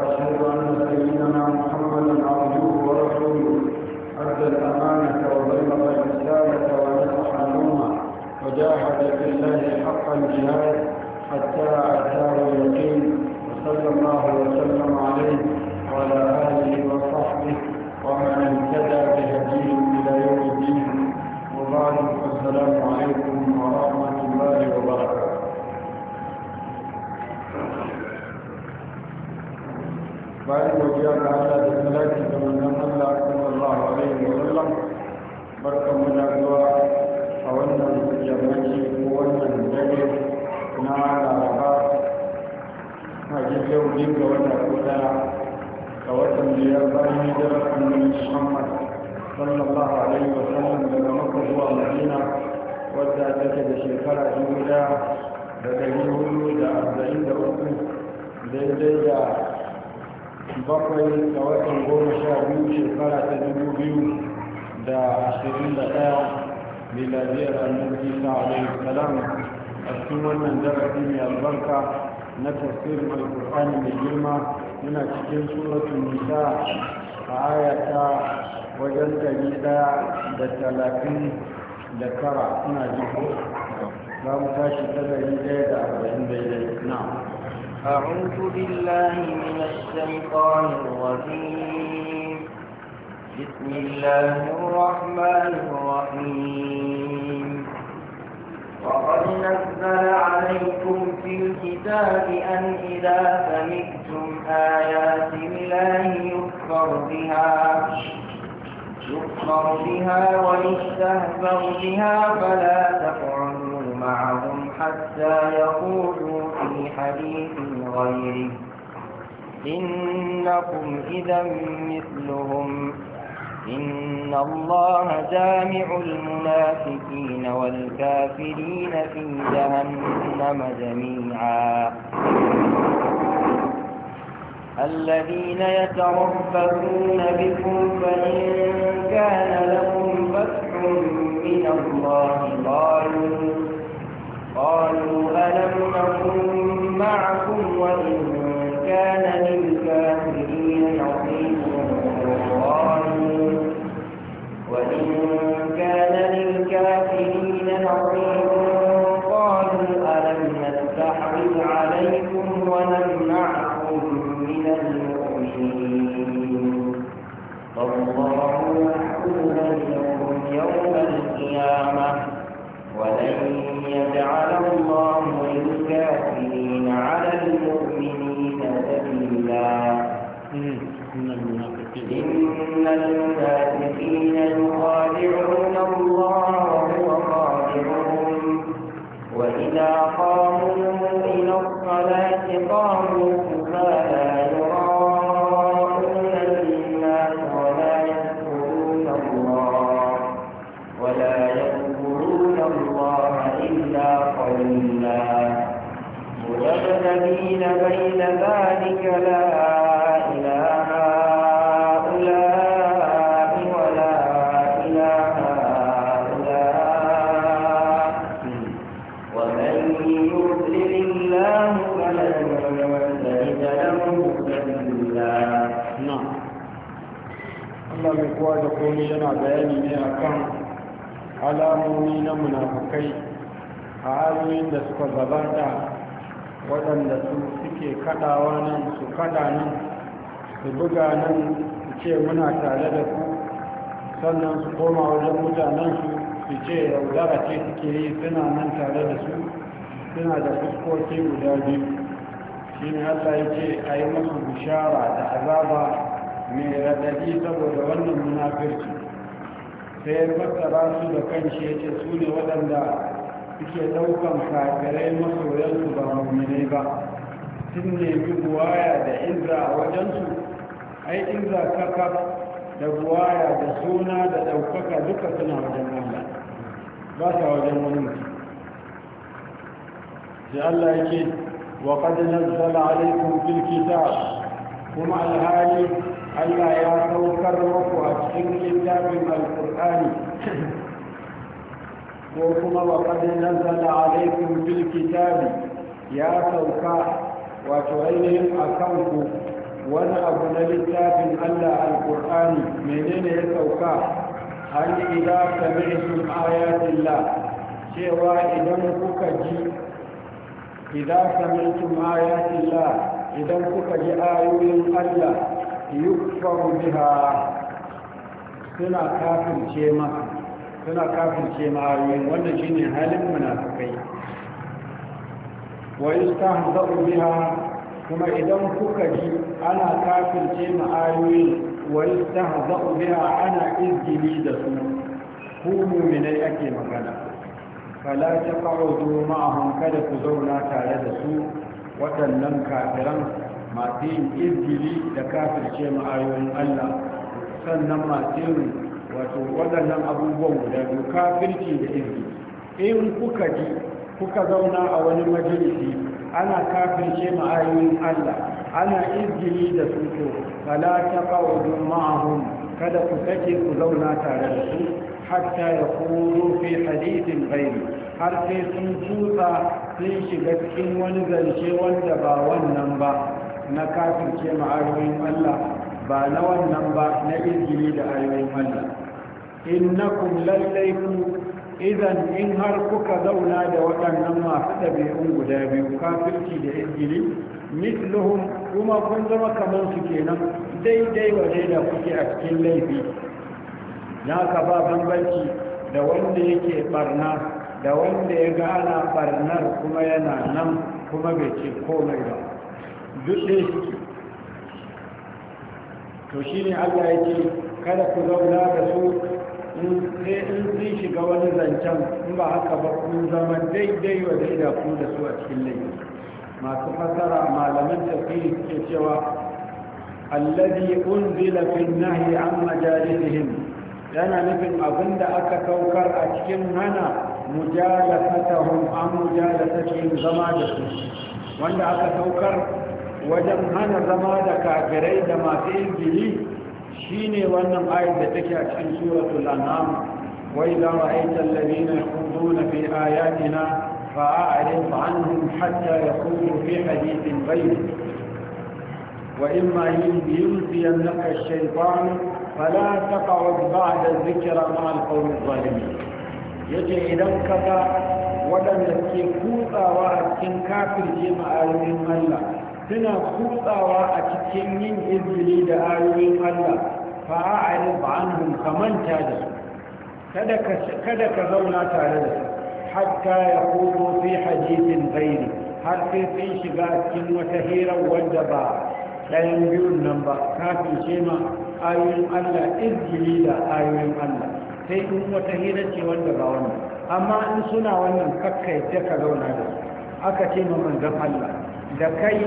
وأشهد أن سيدنا محمدا عبده ورسوله أدى الأمانة وبلغ الرسالة ونصح الأمة وجاهد في الله حق الجهاد حتى أتاه اليقين وصلى الله وسلم عليه وعلى آله وصحبه ومن اهتدى بهديه إلى يوم الدين وبعد السلام عليكم ورحمة الله وبركاته bayan godiya ga Allah da salati da manzon Allah sallallahu alaihi wa sallam barkan mu da zuwa a wannan yammaci ko wannan dare na laraba a yau ne ga wata ko ga watan biyar bayan hijirar annabi Muhammad sallallahu alaihi wa sallam daga Makka zuwa Madina wadda take da shekara dubu guda da dari hudu da arba'in da uku daidai da bakwai da watan goma sha biyu shekara ta dubu biyu da ashirin da ɗaya miladiyar annabi isa alaihi salam a cikin wannan darasi mai albarka na mai alkur'ani mai girma muna cikin suratu nisa a wajen dari daya da talatin da tara ina jiko za mu tashi ta dari daya da arba'in daidai na'am أعوذ بالله من الشيطان الرجيم بسم الله الرحمن الرحيم وقد نزل عليكم في الكتاب أن إذا سمعتم آيات الله يكفر بها يكفر بها ويستهزأ بها فلا تقعدوا معهم حتى يقولوا في حديث غيره إنكم إذا مثلهم إن الله جامع المنافقين والكافرين في جهنم جميعا الذين يتربصون بكم فإن كان لكم فتح من الله قالوا قالوا ألم نكن معكم وإن كان للكافرين نصيب قالوا وإن كان للكافرين نصيب قالوا ألم نستحرم عليكم ونمنعكم من المؤمنين فالله يحكم بينكم يوم القيامة ولن يجعل الله للكافرين على المؤمنين سبيلا إن المنافقين komi yana bayani ne a kan alamomi na munafukai a hanyoyin da suka gabata waɗanda su suke kaɗawa nan su kaɗa nan su buga nan su ce muna tare da ku sannan su koma wajen mutanensu su ce yaudara ce suke yi suna nan tare da su suna da fuskoki guda biyu shi ne allah ya ce a yi masu bishara da azaba mai radadi saboda wannan munafirci sai ya fassara su da kanshi ya ce su ne waɗanda suke ɗaukan kafirai masoyansu ba mummunai ba sun nemi buwaya da inza a wajensu ai inza kaka da buwaya da suna da ɗaukaka duka suna wajen Allah ba sa wajen wani mutum sai Allah yake wa qad nazzala alaykum fil kitab kuma alhali Allah ya saukar maku a cikin littafin alkur'ani ko kuma wa kadin nazala alaikum bil kitabi ya sauka wato ainihin a ku, wani abu na littafin Allah alkur'ani menene ya sauka an idza sami'tum ayatillah cewa idan kuka ji idza sami'tum ayatillah idan kuka ji ayoyin Allah yukfaru biha suna kafirce ma suna kafirce ma ayoyin wannan shine halin munafikai wa yustahza'u biha kuma idan kuka ji ana kafirce ma ayoyin wa yustahza'u biha ana izgili da su ku mu'minai ake magana فلا تقعدوا ku zauna tare da su waɗannan كافرا masu yin izgili da kafirce ma'ayoyin Allah sannan masu yin wato waɗannan abubuwan guda biyu kafirci da izgili in kuka ji kuka zauna a wani majalisi ana kafirce ma'ayoyin Allah ana izgili da su to fala taqawdu ma'ahum kada ku sake ku zauna tare da su hatta yakunu fi hadithin ghairi har sai sun tutsa sun shiga cikin wani zance wanda ba wannan ba na kafirce ma ayoyin Allah ba na wannan ba na izgili da ayoyin Allah innakum lallai ku idan in har kuka zauna da waɗannan masu ɗabi'un guda biyu kafirci da izgili misluhum kuma kun zama kamar su kenan daidai wa da kuke a cikin laifi na ka ba bambanci da wanda yake ɓarna, da wanda ya gana ɓarnar kuma yana nan kuma bai ce komai ba duk to shi ne allah ya ce kada ku zauna da su sai in sun shiga wani zancen in ba haka ba kun zama daidai wa daida ku da su a cikin laifi masu fasara malaman tafsiri suke cewa alladhi unzila fi nahyi an majalisihim yana nufin abinda aka saukar a cikin hana mujalasatahum an mujalasatihim zama da su wanda aka saukar wajen hana zama da kafirai da masu yin shi shine wannan ayar da take a cikin suratul an'am wa idza ra'aita alladhina yakhuduna fi ayatina fa'arid 'anhum hatta yaqulu fi hadithin ghayr wa imma yunsiyannaka ash-shaytan fala ta kawo ba da ma'a al-qawmi adh Ya yace idan kaga waɗanda ke kutsawa a cikin kafirce ma'ayoyin Allah suna kutsawa a cikin yin izini da ayoyin Allah fa a'rid anhum kamanta da su kada ka zauna tare da su hatta yaqudu fi hadithin ghairi har sai sun shiga cikin wata hira wanda ba ɗayan biyun nan ba kafin ma ayoyin Allah izini da ayoyin Allah sai in wata hira ce wanda ba wannan amma in suna wannan kakkai ta ka zauna da su aka ce ma manzan Allah da kai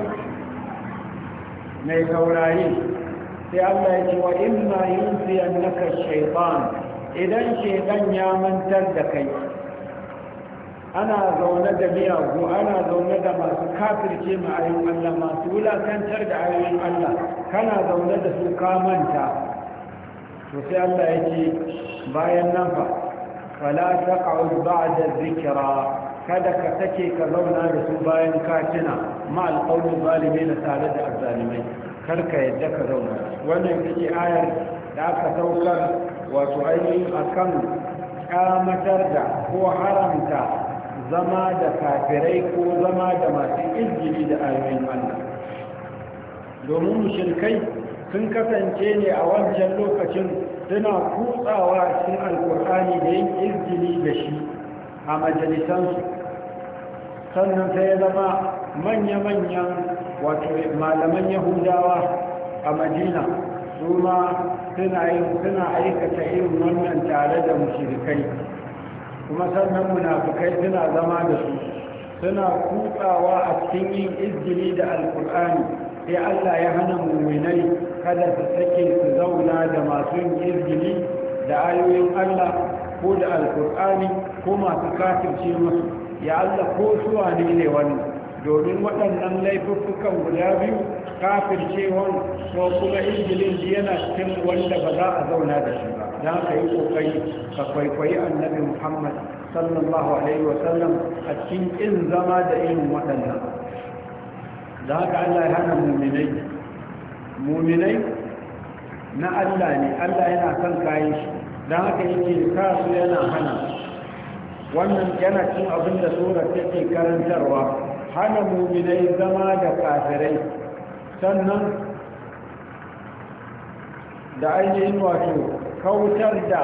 mai taurari sai Allah ya ce wa imma yunsi annaka shaytan idan shaytan ya mantar da kai ana zaune da miyagu ana zaune da masu kafirce ma ayoyin Allah masu wulakantar da ayoyin Allah kana zaune da su ka manta to sai Allah ya ce bayan nan fa fala ba da zikira. kada ka take ka zauna da su bayan katina ma alƙaunin zalimi na tare da arzalimai kar ka yadda ka zauna wannan ita ayar da aka saukar wato ainihin akan kamatar da ko haramta zama da kafirai ko zama da masu izgili da ayoyin Allah domin shirkai sun kasance ne a wancan lokacin suna kutsawa cikin alkur'ani da yin izgili da shi a majalisansu sannan sai ya zama manya-manyan wato malaman yahudawa a madina su ma suna aikata irin wannan tare da mushrikai kuma sannan munafukai suna zama da su suna kutsawa a cikin yin izgili da alkur'ani sai allah ya hana muminai kada su sake su zauna da masu yin izgili da ayoyin allah ko da alkur'ani ko masu kafirce masu. ya Allah ko suwa ne ne wani domin waɗannan laifuffukan guda biyu kafircewan ko kuma injilin yana cikin wanda ba za a zauna da shi ba za ka yi ƙoƙari ka kwaikwayi annabi muhammad sallallahu alaihi wasallam a cikin ƙin zama da irin waɗannan za haka allah ya hana muminai muminai na allah ne allah yana son kayan shi don haka yake kasu yana hana wannan yana cin abin da surar take karantarwa hana muminai zama da kafirai sannan da ainihin wato kautar da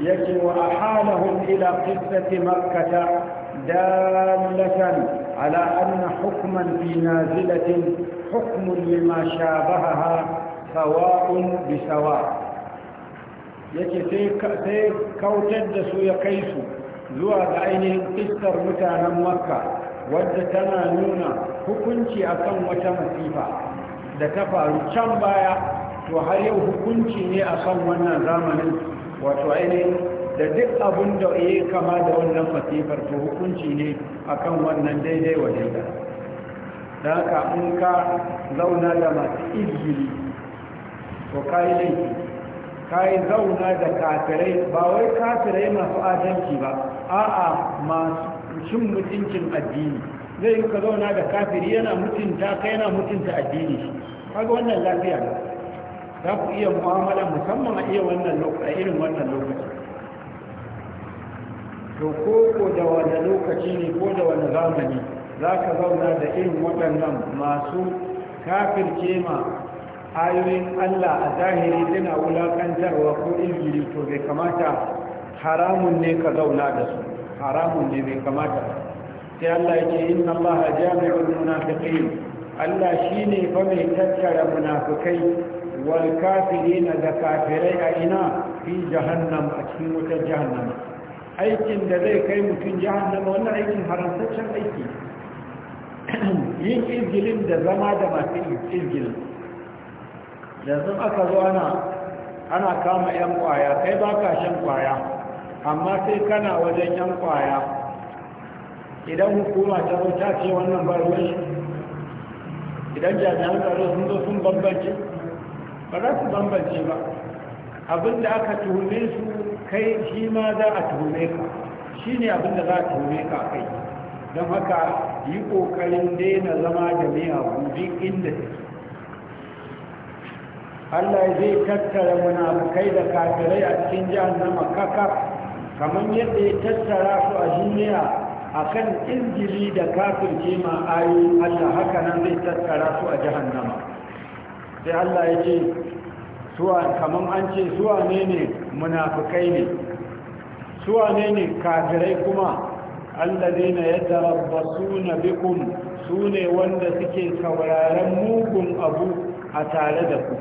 yake wa ahalahum ila qissati makata, dalatan ala anna hukman fi nazilatin hukmun lima shabaha sawa'un bi sawa' yake sai kautar da su ya kai su zuwa da ainihin iskar mutanen makka wadda tana nuna hukunci akan wata masifa da ta faru can baya to har yau hukunci ne akan wannan zamanin wato ainihin da duk abin da ya kama da wannan masifar to hukunci ne akan wannan daidai wa daidai da haka in ka zauna da masu izini? to ka yi laifi ka yi zauna da kafirai ba wai kafirai masu adalci ba a'a masu cin mutuncin addini zai yi ka zauna da kafiri yana mutunta ka yana mutunta addini kaga wannan lafiya za ku iya mu'amala musamman a iya wannan lokaci irin wannan lokaci to ko ko da wani lokaci ne ko da wani zamani za ka zauna da irin waɗannan masu kafirce ma ayoyin Allah a zahiri suna wulaƙantarwa ko injiri to bai kamata haramun ne ka zauna da su haramun ne bai kamata sai Allah ya ce inna Allah jami'ul munafiqin Allah shine fa mai tattara munafikai wal kafirin da kafirai a ina fi jahannam a cikin wutar jahannam aikin da zai kai mutum jahannam wannan aikin haramtaccen aiki yin izgilin da zama da masu izgilin yanzu aka zo ana ana kama yan kwaya kai baka shan kwaya amma sai kana wajen yan kwaya idan hukuma ta zo ta ce wannan ba ruwan shi idan jami'an tsaro sun zo sun bambance ba za su bambance ba abin da aka tuhume su kai shi ma za a tuhume ka shi ne abin da za a tuhume ka kai don haka yi ƙoƙarin daina zama da miyagu duk inda take Allah zai tattara munafukai da kafirai a cikin jihar kaka kamar yadda ya tattara su a duniya a kan injili da kafirce ma ayoyin Allah haka nan zai tattara su a jahannama sai Allah ya ce kamar an ce suwa ne ne munafukai ne suwa ne ne kafirai kuma na bikun su ne wanda suke sauraren mugun abu a tare da ku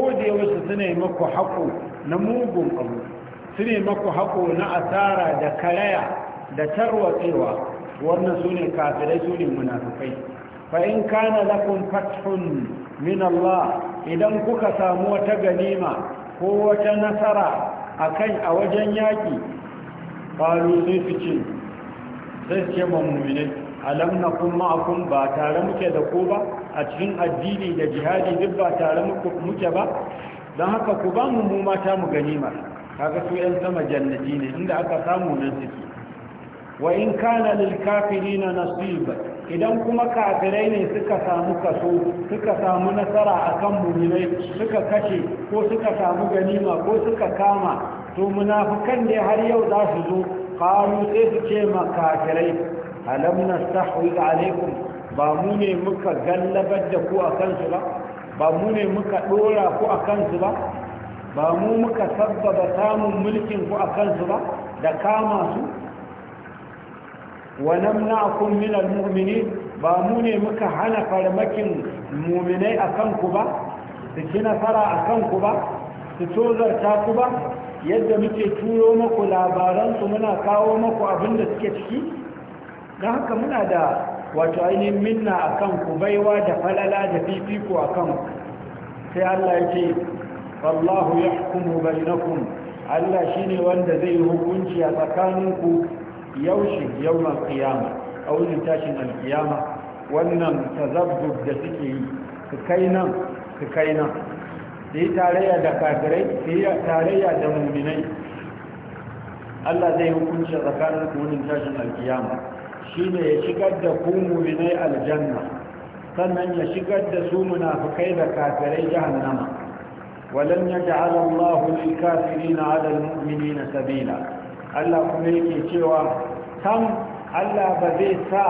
ko da su suna yi maku haƙo na mugun abu cire maku haƙo na asara da karaya da tarwatsewa wannan su ne kafirai su ne munafukai fa in kana lakun fathun min Allah idan kuka samu wata ganima ko wata nasara a kan a wajen yaƙi faru sai su ce sai ce mamuni alam na kun ma'akun ba tare muke da ku ba a cikin addini da jihadi duk ba tare muke ba don haka ku ba mu mata mu ganima. kaga su yan sama jannati ne inda aka samu nan suke wa in kana lil kafirina nasiba idan kuma kafirai ne suka samu kaso suka samu nasara akan mu'minai suka kashe ko suka samu ganima ko suka kama to munafikan ne har yau za su zo qalu sai su ce ma kafirai alam nastahwid alaikum ba mu ne muka gallabar da ku akan su ba ba mu ne muka dora ku akan su ba ba mu muka sabbaba samun mulkin ku a kansu ba da kama su wa namna'akum min al-mu'mini ba mu ne muka hana farmakin mu'minai a kanku ba su ci nasara a kanku ba su tozarta ku ba yadda muke turo muku labaransu muna kawo muku abin da suke ciki don haka muna da wato ainihin minna a kanku baiwa da falala da fifiko a kanku sai Allah ya فالله يحكم بينكم ألا شيني وأن ذيه كنشي أتكانك يوشي يوم القيامة أو لتاشن القيامة وأن تذبذب جسكي سكينا سكينا في تاريا دكاتري في تاريا دمومني Allah zai hukunci tsakanin kunin tashin alkiyama shi ne ya shigar da ku muminai aljanna sannan ya shigar da su munafukai da kafirai jahannama ولن يجعل الله للكافرين على المؤمنين سبيلا الله kuma yake cewa kan Allah ba zai sa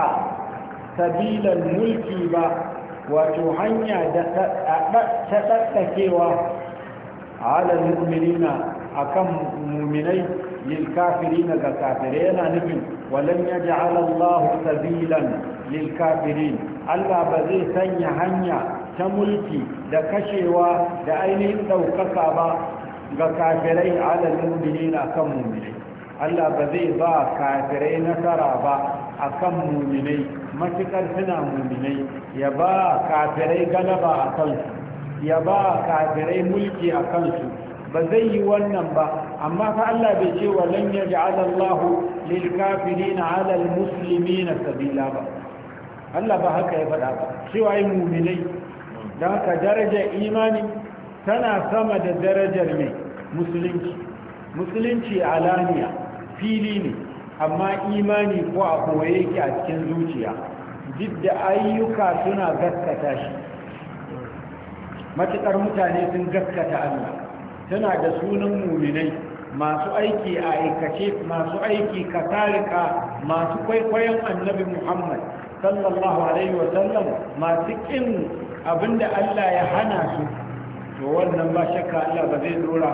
sabilan mulki ba wato hanya da ta tsattakewa ala mu'minina akan mu'minai lil kafirina ga kafirai yana nufin walan yaj'al Allah sabilan lil Allah ba zai sanya hanya ta mulki da kashewa da ainihin ɗaukaka ba ga kafirai alal mumini kan mumini Allah ba zai ba kafirai nasara ba a kan muminai matuƙar suna muminai ya ba kafirai galaba a kansu ya ba kafirai mulki a kansu ba zai yi wannan ba amma ka Allah bai ce wa lan yaj'ala Allahu lil kafirina 'ala al sabila ba Allah ba haka ya faɗa ba cewa yi muminai Daka ka darajar imani tana sama da darajar mai musulunci musulunci alaniya fili ne amma imani ko a koye yake a cikin zuciya duk da ayyuka suna gaskata shi matuƙar mutane sun gaskata allah tana da sunan muminai masu aiki a aikace masu aiki ka tarika masu kwaikwayon annabi muhammad sallallahu alaihi wasallam masu ƙin abinda Allah ya hana su to wannan ba shakka Allah ba zai dora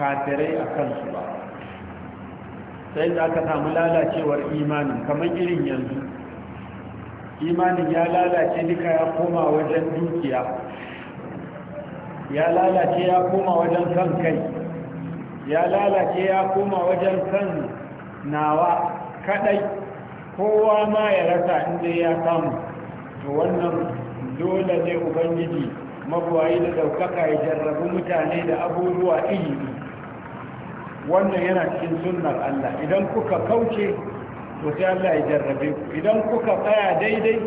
kafirai a kansu ba sai za ka samu lalacewar imanin kamar irin yanzu imanin ya lalace duka ya koma wajen dukiya ya lalace ya koma wajen kan kai ya lalace ya koma wajen kan nawa kadai kowa ma ya rasa inda ya samu to wannan dole ne ubangiji magwayi da daukaka ya jarrabu mutane da abubuwa iri wannan yana cikin sunnar Allah idan kuka kauce to sai Allah ya jarrabe ku idan kuka tsaya daidai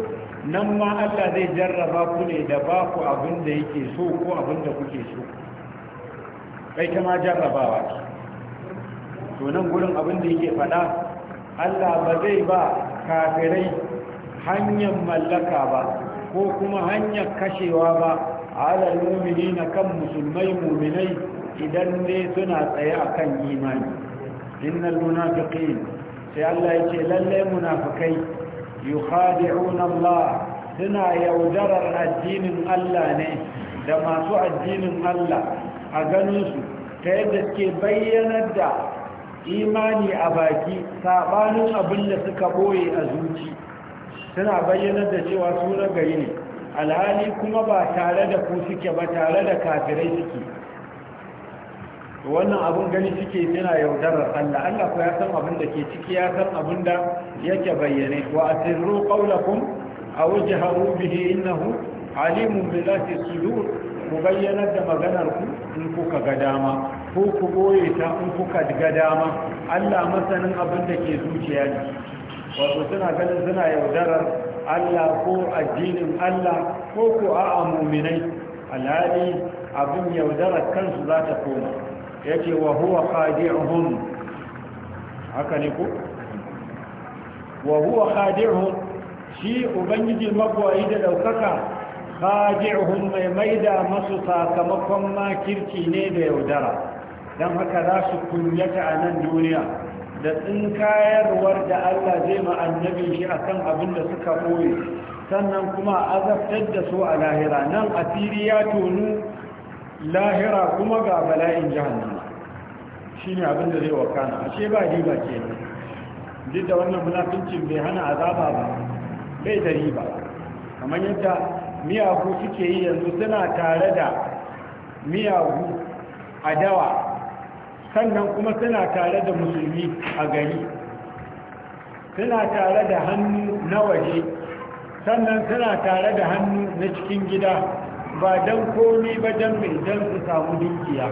nan ma Allah zai jarraba ku ne da ba ku abin da yake so ko abin da kuke so kai ta ma jarrabawa ce to nan gurin abin da yake faɗa Allah ba zai ba kafirai hanyar mallaka ba ko kuma hanyar kashewa ba ala mumini na kan musulmai muminai idan ne suna tsaye a kan imani innal munafiqin sai Allah ya ce lallai munafikai yukhadi'una Allah suna yaudarar addinin Allah ne da masu addinin Allah a ganin su ta yadda suke bayyanar da imani a baki sabanin abin da suka boye a zuci suna bayyanar da cewa su na gari ne alhali kuma ba tare da ku suke ba tare da kafirai suke wannan abun gani suke suna yaudarar Allah Allah ku ya san abin da ke ciki ya san abin da yake bayyane wa asirru qawlakum aw jaharu bihi innahu alimun bi dhati sudur ku bayyanar da maganar ku in kuka ga dama ko ku boye ta in kuka ga dama Allah masanin abin da ke zuciya wato suna ganin suna yaudarar Allah ko addinin Allah ko ko a'a muminai alhali abin yaudarar kansu za ta koma yace wa huwa khadi'uhum haka ne wa huwa khadi'uhum shi ubangiji magwayi da daukaka khadi'uhum mai maida masu sakamakon makirci ne da yaudara dan haka za su kunyata a nan duniya da tsinkayarwar da Allah zai ma annabi shi kan abin da suka koyi sannan kuma azabtar da su a lahira nan asiri ya tonu lahira kuma ga bala'in jahannama ne abin da zai kana ashe ba riba ke. duk da wannan munafincin bai hana azaba ba bai da riba kamar yadda miyagu suke yi yanzu suna tare da miyagu adawa sannan kuma suna tare da musulmi a gari suna tare da hannu na waje sannan suna tare da hannu na cikin gida ba don komi ba don mai don su samu dukiya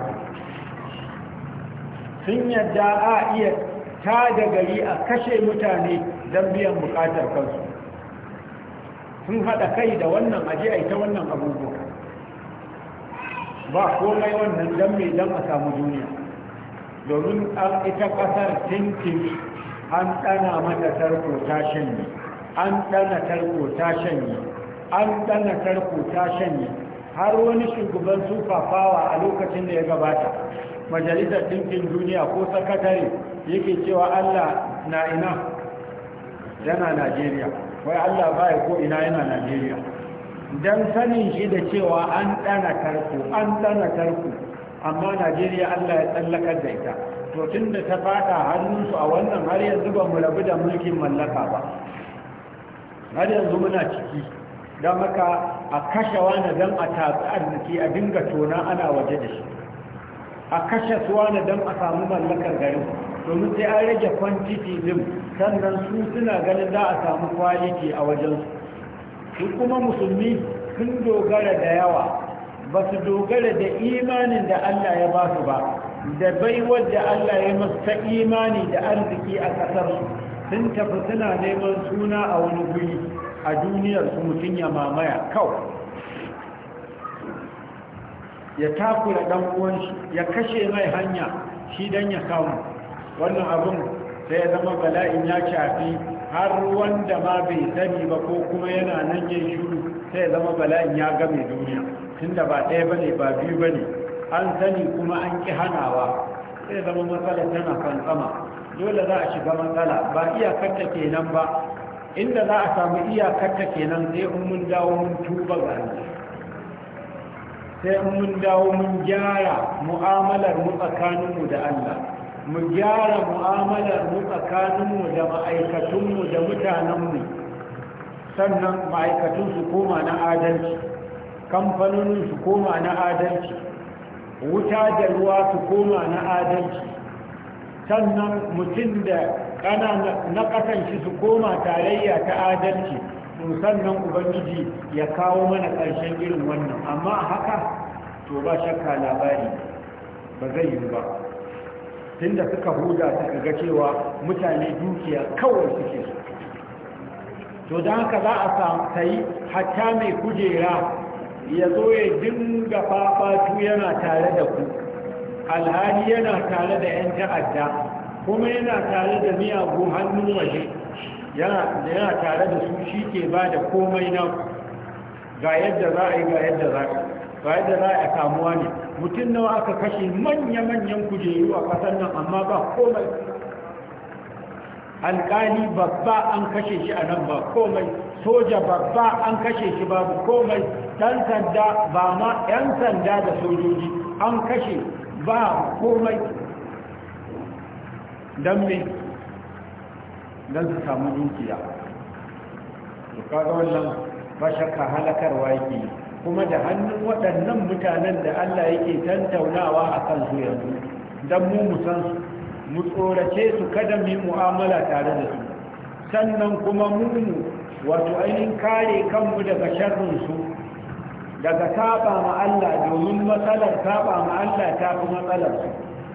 sun yadda a iya ta da gari a kashe mutane don biyan bukatar kansu sun haɗa kai da wannan aji a ita wannan abubuwa ba komai wannan don mai don a samu duniya domin ita ƙasar tintin an ɗana mata tarko ta shanye an ɗana tarko ta shanye an ɗana tarko ta shanye har wani shugaban sufafawa a lokacin da ya gabata majalisar ɗinkin duniya ko sakatare yake cewa allah na ina yana najeriya wai allah baya ko ina yana najeriya don sanin shi da cewa an ɗana tarko an ɗana tarko amma najeriya allah ya tsallakar da ita to tun da ta faɗa hannunsu a wannan har yanzu ba mu rabu da mulkin mallaka ba har yanzu muna ciki don haka a kashe na don a tatsi arziki a dinga tona ana waje da shi a kashe su na don a samu mallakar garin domin sai an rage kwantiti din sannan su suna ganin za a samu kwaliki a wajensu su kuma musulmi sun dogara da yawa ba su dogara da imanin da Allah ya ba su ba da baiwar da Allah ya masa imani da arziki a ƙasar sun tafi suna neman suna a wani guri a duniyar su mutum ya mamaya kawai ya takura ɗan shi ya kashe mai hanya shi don ya samu wannan abin sai ya zama bala'in ya shafi har wanda ma bai sani ba ko kuma yana nan yin shuru sai ya zama bala'in ya game duniya tunda ba ɗaya bane ba biyu bane an sani kuma an ƙi hanawa sai zama matsala tana sama dole za a shiga matsala ba iyakar ta kenan ba inda za a samu iyakar ta kenan sai in mun dawo mun tuba ga sai in mun dawo mun gyara mu'amalar mu tsakaninmu da Allah mu gyara mu'amalar mu tsakaninmu da ma'aikatunmu da mutanenmu sannan ma'aikatun su koma na adalci kamfanonin su koma na adalci wuta da ruwa su koma na adalci sannan mutum da kana na kasance su koma tarayya ta adalci sannan ubangiji ya kawo mana karshen irin wannan amma haka to ba shakka labari ba zai yi ba tunda suka huda suka ga cewa mutane dukiya kawai suke to don haka za a sayi hatta mai kujera ya zo ya dinga fafatu yana tare da ku alhali yana tare da 'yan ta'adda kuma yana tare da miyagu hannun waje yana tare da su shi ke ba da komai na ga yadda za a yi ga yadda za a ga yadda za a kamuwa ne mutum nawa aka kashe manya-manyan kujeru a ƙasar nan amma ba komai alƙali babba an kashe shi a nan ba komai soja babba an kashe shi babu komai ɗan sanda ba ma ‘yan sanda da sojoji an kashe ba komai Dan me don su samu dukiya kaga wannan ba shakka halakarwa yake kuma da hannun waɗannan mutanen da Allah yake tantaunawa a kansu yanzu don mu su. mu tsorace su kada mu yi mu'amala tare da su sannan kuma mu wato ainihin kare kanmu daga sharrinsu daga saba ma Allah domin matsalar saba ma Allah ta fi matsalar su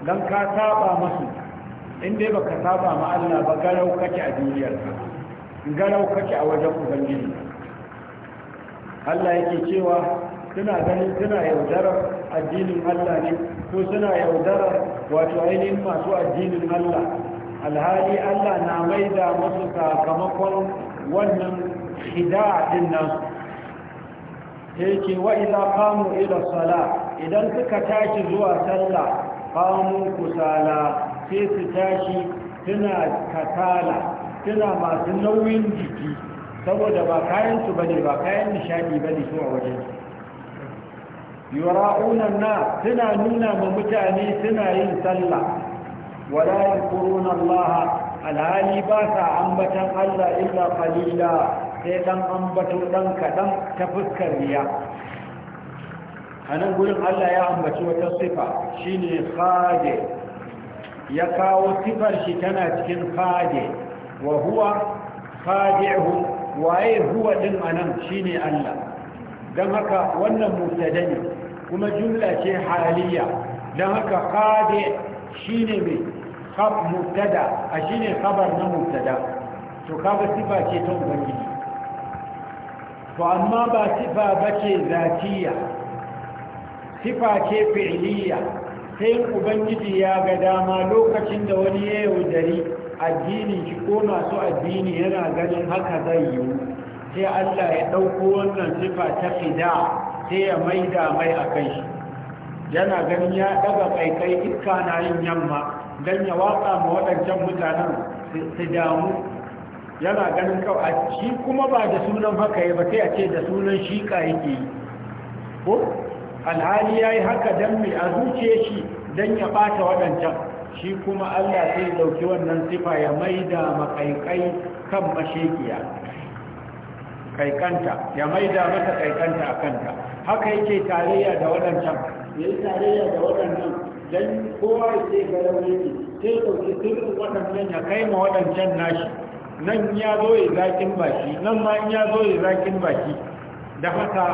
don ka saba masu inda ba ka saba ma Allah ba garau kake a duniyar ka garau kake a wajen ubangiji Allah yake cewa suna ganin suna yaudarar addinin Allah ne ko suna yaudarar wato ainihin masu addinin Allah alhali Allah na maida musu sakamakon wannan shida din nan yake wa idza qamu ila sala idan suka tashi zuwa sallah famu kusala sai su tashi suna katala suna masu nauyin jiki saboda ba kayan su bane ba kayan nishadi bane su a wajen su yura'unan na suna nuna ma mutane suna yin sallah wala yadhkuruna Allah alhali ba sa ambatan Allah illa qalila sai dan ambato dan kadan ta fuskar riya anan gurin Allah ya ambaci wata sifa shine khade ya kawo sifar shi tana cikin khade wa huwa khadi'uhum waye huwa din anan shine Allah dan haka wannan mutadani ne kuma jumla ce haliya don haka shi ne mai khab a shi ne khabar na mubtada to kaga sifa ce ta ubangiji to amma ba sifa bace zatiya sifa ce fi'liya sai ubangiji ya ga dama lokacin da wani ya yaudari addini shi ko masu addini yana ganin haka zai yiwu sai Allah ya ɗauko wannan sifa ta fida sai ya maida mai a kai shi yana ganin ya daga kaikai iska na yin yamma don ya waka ma waɗancan mutanen su damu yana ganin kawai a shi kuma ba da sunan haka ya ba sai a ce da sunan Shika yake yi ko alhali ya yi haka dan mai a zuce shi don ya ɓata waɗancan shi kuma allah sai ɗauki wannan sifa ya maida makaikai kan mashekiya kaikanta ya maida mata kaikanta a kanta haka yake tarayya da waɗancan ya yi tarayya da waɗannan don kowa ya ce ga rauni ne sai ɗauki sirrin waɗannan ya kai ma waɗancan nashi nan ya zo ya zakin baki nan ma ya zo ya zakin baki da haka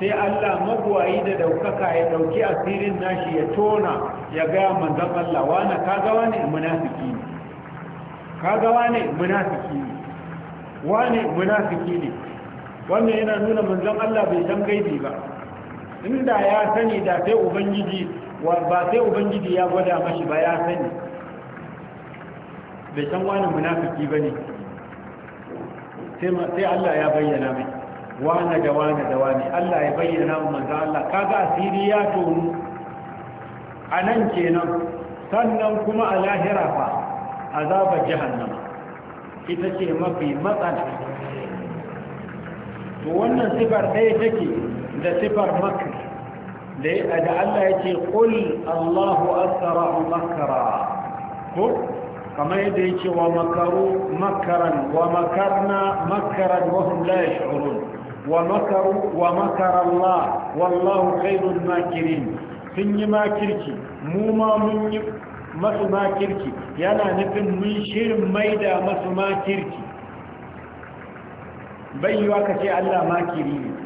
sai Allah magwayi da daukaka ya dauki asirin nashi ya tona ya ga manzan Allah wani kaga wani munafiki ne kaga wani munafiki ne wani munafiki ne wannan yana nuna manzan Allah bai san gaibi ba inda ya sani da sai ubangiji ba sai ubangiji ya gwada mashi ba ya sani bai san wani munafiki ba ne sai Allah ya bayyana mai wane da wane da wane Allah ya bayyana mu manzo Allah kaga asiri ya tonu anan kenan sannan kuma a lahira fa azabar jahannama ita ce mafi matsala to wannan sifar ɗaya take da sifar makr da Allah ya ce ƙul Allahu asara makara ko kamar yadda ya ce wa makaru makaran wa makarna makaran wahum la yash'urun wa makaru wa makara Allah wallahu khairul makirin sun yi makirci? mu ma mun yi masu makirci? yana nufin mun shirin maida masu makirci? bai yiwa ka ce Allah makiri ne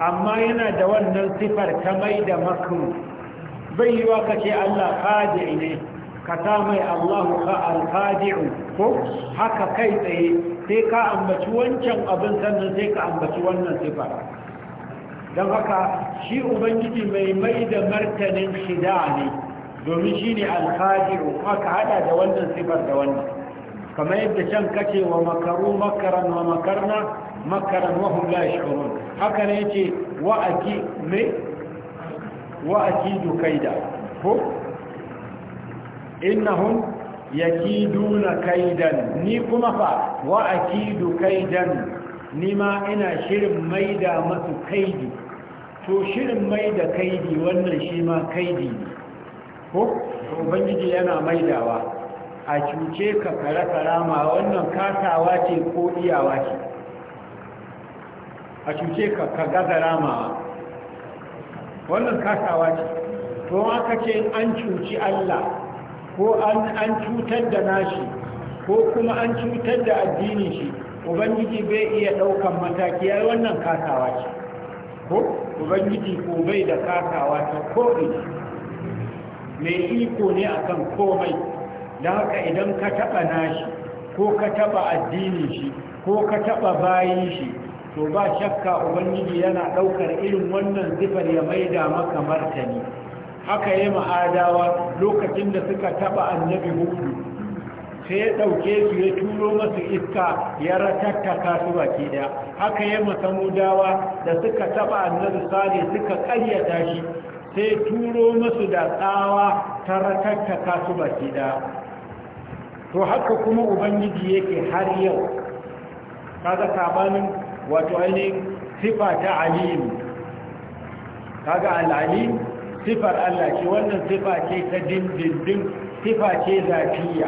amma yana da wannan sifar ta mai da makru bai yi wa kace Allah khadi'i ne ka ta mai Allahu ka al ko haka kai tsaye sai ka ambaci wancan abin sannan sai ka ambaci wannan sifar don haka shi ubangiji mai mai da martanin shida ne domin shi ne al haka hada da wannan sifar da wannan kamar yadda can kace wa makaru makaran wa makarna makaran wa hum la yashkurun haka ne yace wa aki me wa akidu kaida ko innahum yakiduna kaidan ni kuma fa wa akidu kaidan ni ma ina shirin maida masu kaidi to shirin maida kaidi wannan shi ma kaidi ne ko ubangiji yana maidawa a cuce ka kare karama wannan kasawa ce ko iyawa ce a cuce ka ka gaza ramawa wannan kasawa ce to aka ce an cuci Allah ko an cutar da nashi ko kuma an cutar da addinin shi ubangiji bai iya ɗaukan mataki ai wannan kasawa ce ko ubangiji ko bai da kasawa ta ko mai iko ne akan komai da haka idan ka taɓa nashi ko ka taɓa addinin shi ko ka taɓa bayin shi to ba shakka ubangiji yana ɗaukar irin wannan zifar ya maida maka martani haka yi ma'adawa lokacin da suka taba annabi hudu sai ya ɗauke su ya turo masu iska ya ratatta kasu baki ɗaya haka yi masamudawa da suka taɓa annabi sale suka ƙaryata shi sai turo masu da tsawa ta rakakkaka su baki da to haka kuma ubangiji yake har yau kaga sabanin wato ainihin sifa ta alim kaga al'alim sifar Allah ce wannan sifa ce ta dindindin sifa ce zafiya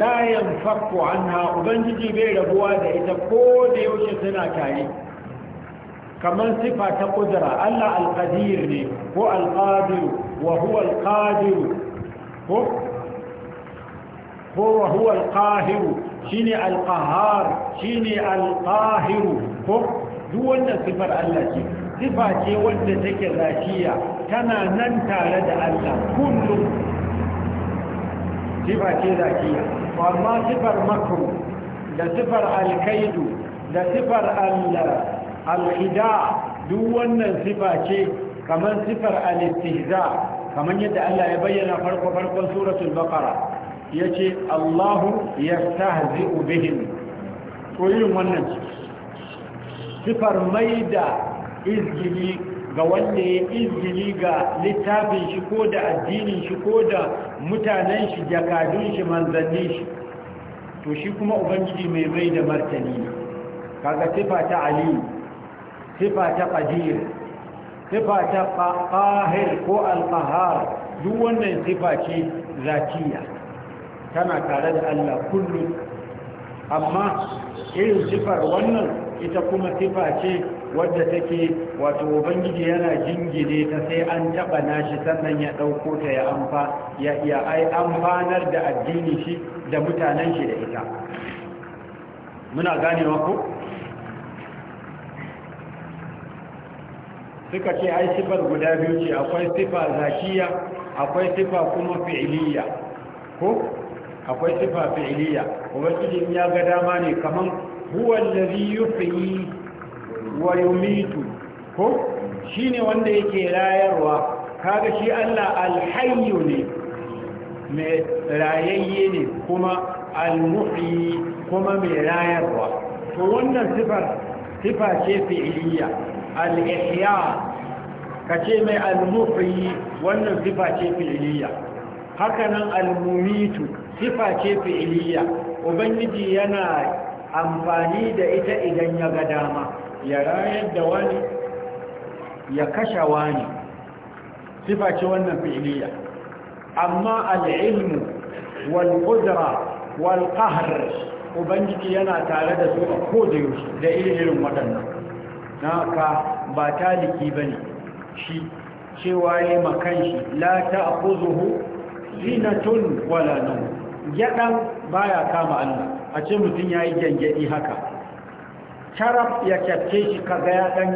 la yanfaku anha ubangiji bai rabuwa da ita ko da yaushe suna tare kamar sifa ta kudura Allah alƙadir ne ko alƙadir wa huwa alƙadir ko ko wa huwa alƙahiru shine alƙahar shine alƙahiru ko duk wannan sifar Allah ce sifa ce wanda take zakiya tana nan tare da Allah kullum sifa ce zakiya amma sifar makru da sifar alkaidu da sifar Allah alhida duk wannan sifa ce kamar sifar al kamar yadda Allah ya bayyana farko farkon suratul baqara yace Allahu yastahzi'u bihim to irin wannan sifar maida izgili ga wanda ya izgili ga littafin shi ko da addinin shi ko da mutanen shi jakadun shi manzannin shi to shi kuma ubangiji mai mai da martani kaga sifa ta aliyu sifa ta qadir sifa ta qahir ko al-qahar duk wannan sifa ce zakiya tana tare da Allah kullum amma irin sifar wannan ita kuma sifa ce wadda take wato ubangiji yana jingine ta sai an taba nashi sannan ya dauko ta ya amfa ya iya ai amfanar da addini shi da mutanen shi da ita muna ganewa ko suka ce ai sifar guda biyu ce akwai sifa zakiya akwai sifa kuma fi'iliya ko akwai sifa fi'iliya ubangiji ya ga dama ne kaman huwa allazi yuhyi wa yumitu ko shine wanda yake rayarwa kaga shi Allah alhayyu ne mai rayayye ne kuma almuhyi kuma mai rayarwa to wannan sifar sifa ce fi'iliya al ka ce mai al wannan sifa ce fi'liya haka nan sifa ce ubangiji yana amfani da ita idan ya ga dama ya rayar da wani ya kashe wani sifa ce wannan fi'liya amma al'ilmu ilmu wal’ahar ubangiji yana tare da su a kodayaushe da irin waɗannan naka ba taliki ba ne shi cewa ya makan shi la ta akuzuhu zinatun wala nan ba baya kama allah a ce mutum ya yi gyangyaɗi haka carab ya kyafce shi ka ya ɗan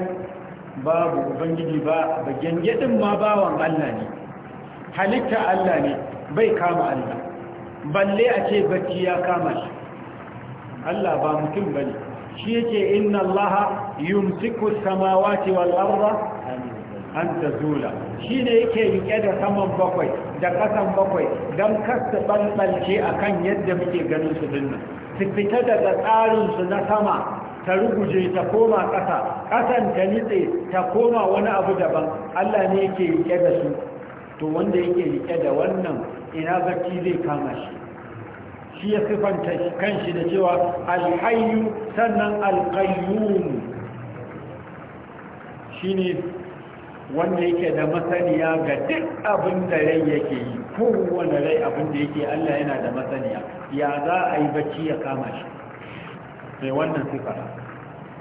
babu ubangiji ba ba gyangyaɗin ma bawan allah ne halitta allah ne bai kama allah balle a ce bacci ya kama shi allah ba mutum ba ne shi yake inna allaha yumsiku samawati wal arda an tazula shine yake rike da saman bakwai da kasan bakwai dan kasta balbalce akan yadda muke ganin su dinnan su fita daga tsarin su na sama ta ruguje ta koma kasa kasan ta nitse ta koma wani abu daban Allah ne yake rike da su to wanda yake rike da wannan ina zaki zai kama shi shi ya sifanta kanshi da cewa alhayu sannan alkayyum shi ne wanda yake da masaniya ga duk abin da rai yake yi kowane rai abin da yake Allah yana da masaniya ya za a yi bacci ya kama shi mai wannan sifara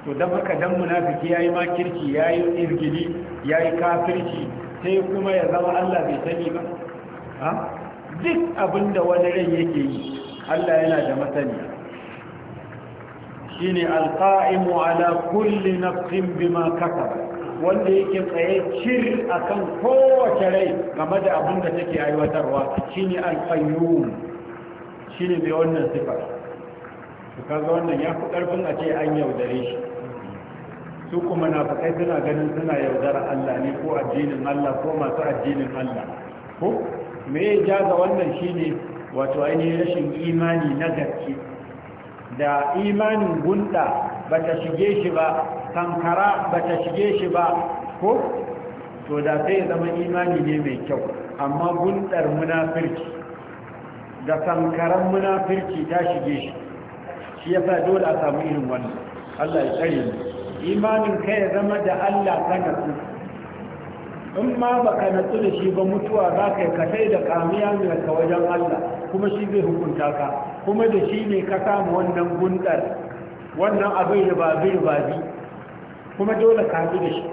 to don haka don munafiki ya yi makirci ya yi irgili ya yi kafirci sai kuma ya zama Allah bai sani ba duk abin da wani rai yake yi Allah yana da masani shine alqa'imu ala kulli nafsin bima kasabat wanda yake tsaye cir akan kowace rai game da abin da take aiwatarwa shine alqayyum shine mai wannan sifa to kaga wannan ya fi karfin a ce an yaudare shi su kuma nafakai suna ganin suna yaudara Allah ne ko addinin Allah ko masu addinin Allah ko me ya ja ga wannan shine wato ainihin rashin imani na gaske da imanin gunda ba ta shige shi ba kankara ba ta shige shi ba ko to da sai zama imani ne mai kyau amma gundar munafirci da kankaran munafirci ta shige shi shi ya sa dole a samu irin wannan allah ya tsare ni imanin kai ya zama da allah ta natsu in ma baka natsu da shi ba mutuwa za ka yi ka sai da kamiya mai ka wajen allah kuma shi zai hukunta ka kuma da shi ne ka samu wannan gundar wannan abin da ba zai ba bi kuma dole ka haɗu da shi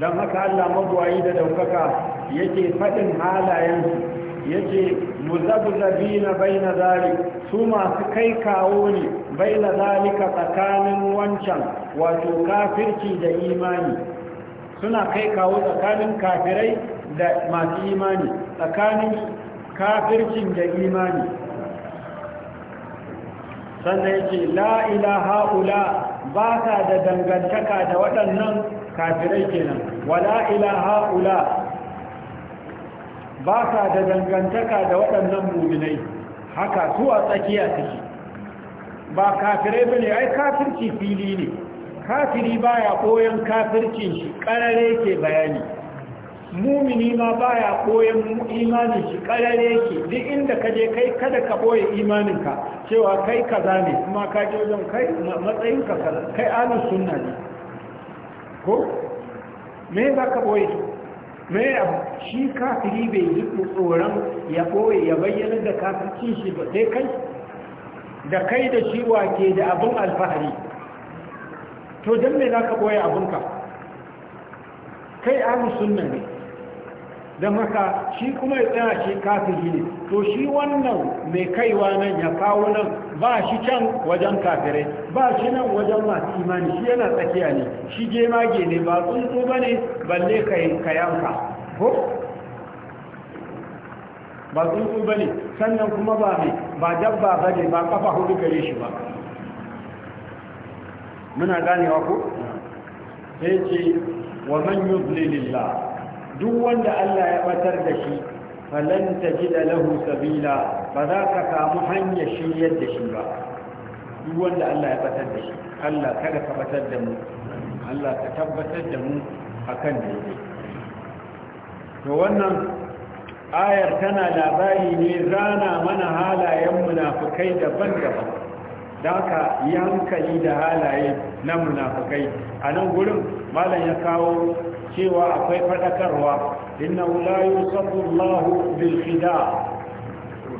don haka Allah magwayi da daukaka yake faɗin halayensu yake muzabzabi na bai na zari su masu kai kawo ne bai na zalika tsakanin wancan wato kafirci da imani suna kai kawo tsakanin kafirai da masu imani tsakanin kafircin da imani sannan yake la'ila ha'ula ba sa da dangantaka da waɗannan kafirai kenan wa la'ila ha'ula ba sa da dangantaka da waɗannan muminai haka su a tsakiya suke ba kafirai bane ai kafirci fili ne kafiri ba ya koyon kafircin shi karare ke bayani mumini ma ba ya koyon imanin shi karare ke duk inda ka je kai kada ka boye imaninka cewa kai kaza ne kuma ka je wajen kai matsayin ka kai alu sunna ne ko me za ka boye me shi kafiri bai yi tsoron ya boye ya bayyana da kafircin shi ba sai kai da kai da shi wake da abin alfahari to don me za ka abun abinka kai ahlus sunna ne don haka shi kuma ya tsaya shi kafiri ne to shi wannan mai kaiwa nan ya kawo nan ba shi can wajen kafirai ba shi nan wajen masu imani shi yana tsakiya ne shi jemage ne ba tsuntsu ba ne balle ka yanka ko ba tsuntsu ba ne sannan kuma ba ne ba dabba ba ne ba kafa hudu gare shi ba muna ganewa ko sai ce wa man yudlilillah duk wanda Allah ya batar da shi falan tajida lahu sabila ba za ka samu hanyar shiryar da shi ba duk wanda Allah ya batar da shi Allah kada ka batar da mu Allah ka tabbatar da mu akan daidai to wannan ayar tana labari ne rana mana halayen munafukai daban-daban don yi yankali da halaye na munafukai a nan gurin malam ya kawo cewa akwai faɗakarwa inna la yusafu Allahu bil khida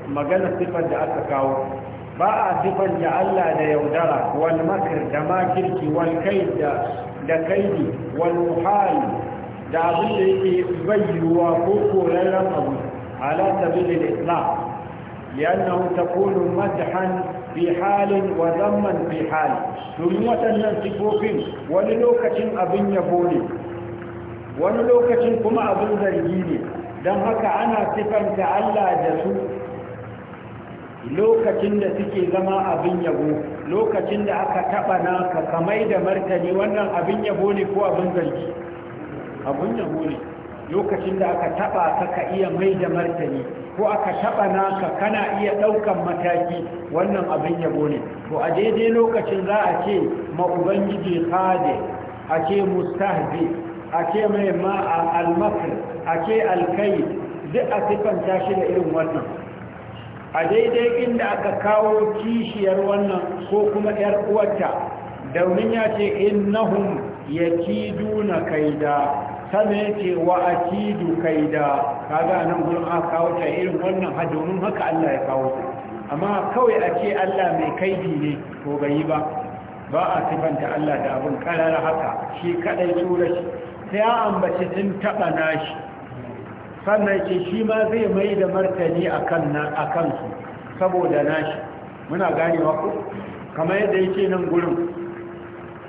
magana sifar da aka kawo ba a sifar da Allah da yaudara wal makr da makirki wal kaid da da kaidi wal muhal da abin da yake bayyuwa ko korarren abu ala sabilil islam li'annahu takunu madhan bi halin wa zamman bi hali domin waɗannan sifofin wani lokacin abin yabo ne wani lokacin kuma abin zargi ne don haka ana sifanta Allah da su lokacin da suke zama abin yabo lokacin da aka taɓa naka kamai da martani wannan abin yabo ne ko abin zargi abin yabo ne lokacin da aka taba ka ka iya mai da martani ko aka taba naka kana iya daukan mataki wannan abin yabo ne to a daidai lokacin za a ce ma ubangiji qadi a ce mustahdi a ce mai ma al-makr a ce al-kayd duk a cikin shi da irin wannan a daidai inda aka kawo kishiyar wannan ko kuma yar uwarta domin ya ce innahum yakiduna kaida sama yake wa akidu kaida kaga nan gurin aka kawo ta irin wannan ha domin haka Allah ya kawo ta amma kawai a ce Allah mai kaidi ne ko bai yi ba ba a sifanta Allah da abin karar haka shi kadai tura ta ya ambaci sun taba nashi sannan ce shi ma zai mai da martani akan su saboda nashi muna ganewa ko kamar yadda yake nan gurin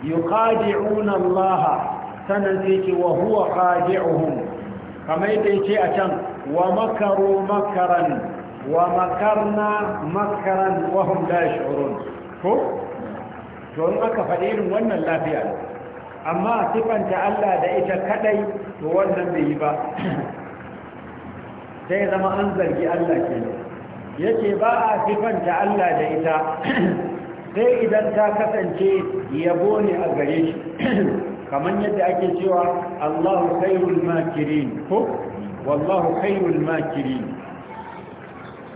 yuqadi'una Allah sannan sai ce wa huwa khadi'uhum kamar yadda yake a can wa makaru makaran wa makarna makaran wa hum la yash'urun ko to in aka faɗi irin wannan lafiya ne amma sifanta Allah da ita kadai to wannan bai yi ba sai zama an zargi Allah ke yake ba a sifanta Allah da ita sai idan ta kasance yabo ne a gare shi kamar yadda ake cewa Allahu khairul makirin ko wallahu khairul makirin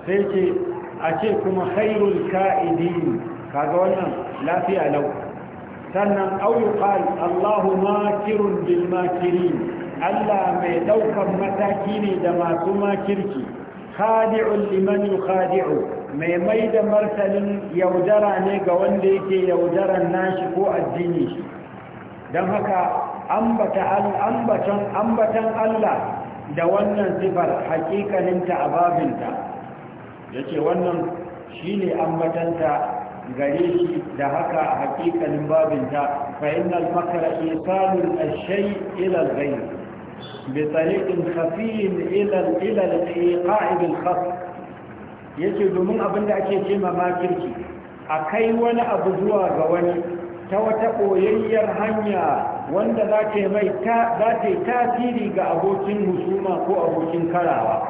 sai ce a ce kuma khairul ka'idin kaga wannan lafiya lau sannan au Allahu makirun bil makirin Allah mai daukar mataki ne da masu makirki khadi'un liman yukhadi'u mai mai da martalin yaudara ne ga wanda yake yaudaran nashi ko addini shi don haka ambatan Allah da wannan zibar hakikaninta a babinta ya ce wannan shi ne ambatanta gare shi da haka hakikanin babinta fahimtar makara isalun ashai ilal gai بطريق خفي إلى إلى الإيقاع ya ce domin abin da ake ce ma makirki a kai wani abu zuwa ga wani ta wata ɓoyayyar hanya wanda za ta yi tasiri ga abokin husuma ko abokin karawa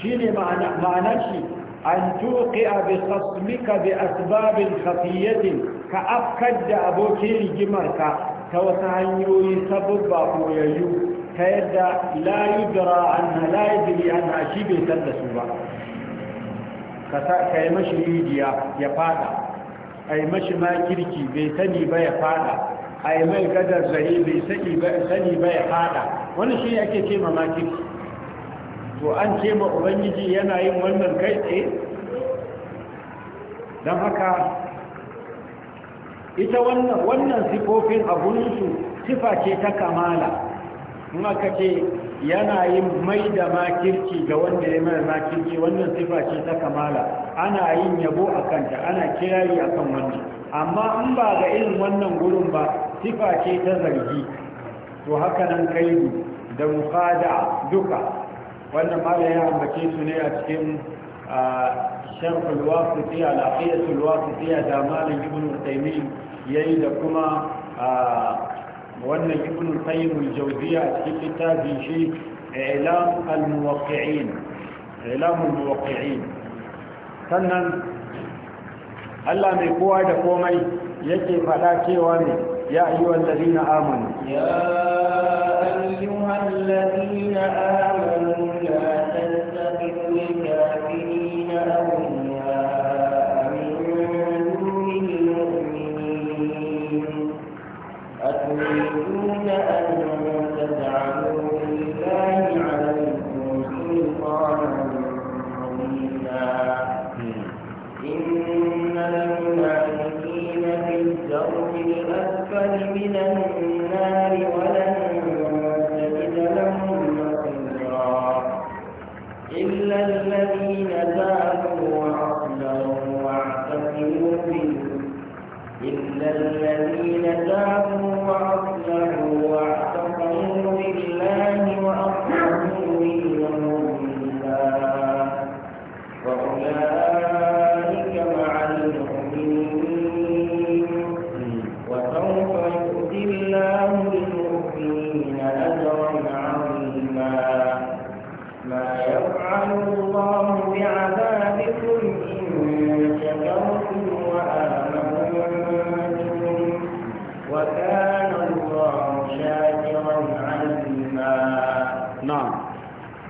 shi ne ma'anar shi an tuƙi a bi sasmika bi asbabin khafiyyatin ka afkar da abokin rigimarka ta wata hanyoyi sababba koyayyu ta yadda layu dara an la yadiri an shi bai san su ba ka yi mashi rijiya ya fada a yi mashi makirki bai sani ba ya fada a yi mai gadar zare bai sani ba ya fada wani shi ake ce ma makirki to an ce ma ubangiji yana yin wannan kai tsaye don haka ita wannan sifofin abunsu sifa ce ta kamala kuma ce yana yin mai da makirci ga wanda ya mai makirci wannan sifa ce ta kamala ana yin yabo a kanta ana kirari a kan wani amma in ba ga irin wannan gurin ba sifa ce ta zargi to haka nan kaidu da mufada duka wannan da ya ambace su ne a cikin sharfin wasitiya lafiyatul wasitiya da malin ibn yayi da kuma wannan ibn qayyim al-jawziya a cikin littafin shi i'lam al-muwaqqi'in i'lam al-muwaqqi'in sannan Allah mai kowa da komai yake fada cewa ne ya ayyuhal ladina amanu ya ayyuhal ladina amanu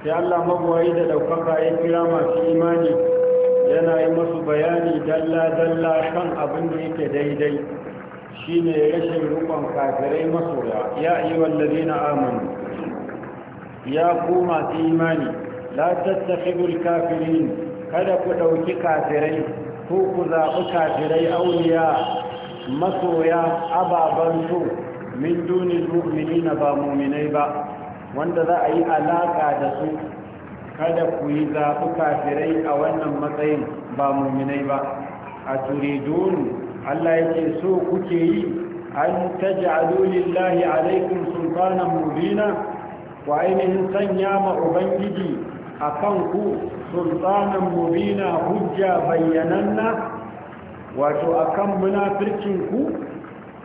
sai Allah magwayi da ɗaukaka ya kira masu imani yana yi masu bayani dalla-dalla kan abin da yake daidai shi ne rashin rukon kafirai masoya ya yi wallazi na amini ya ku masu imani la tattafibul kafirin kada ku ɗauki kafirai ko ku zaɓi kafirai auliya masoya ababen su min dunin na ba muminai ba wanda za a yi alaƙa da su kada ku yi zaɓi kafirai a wannan matsayin ba muminai ba a turidun Allah yake so kuke yi an taj'alu lillahi alaikum sultanan mubina Ku ainihin sanya ma ubangiji A kanku, sultanan mubina hujja bayyananna wato akan munafircin ku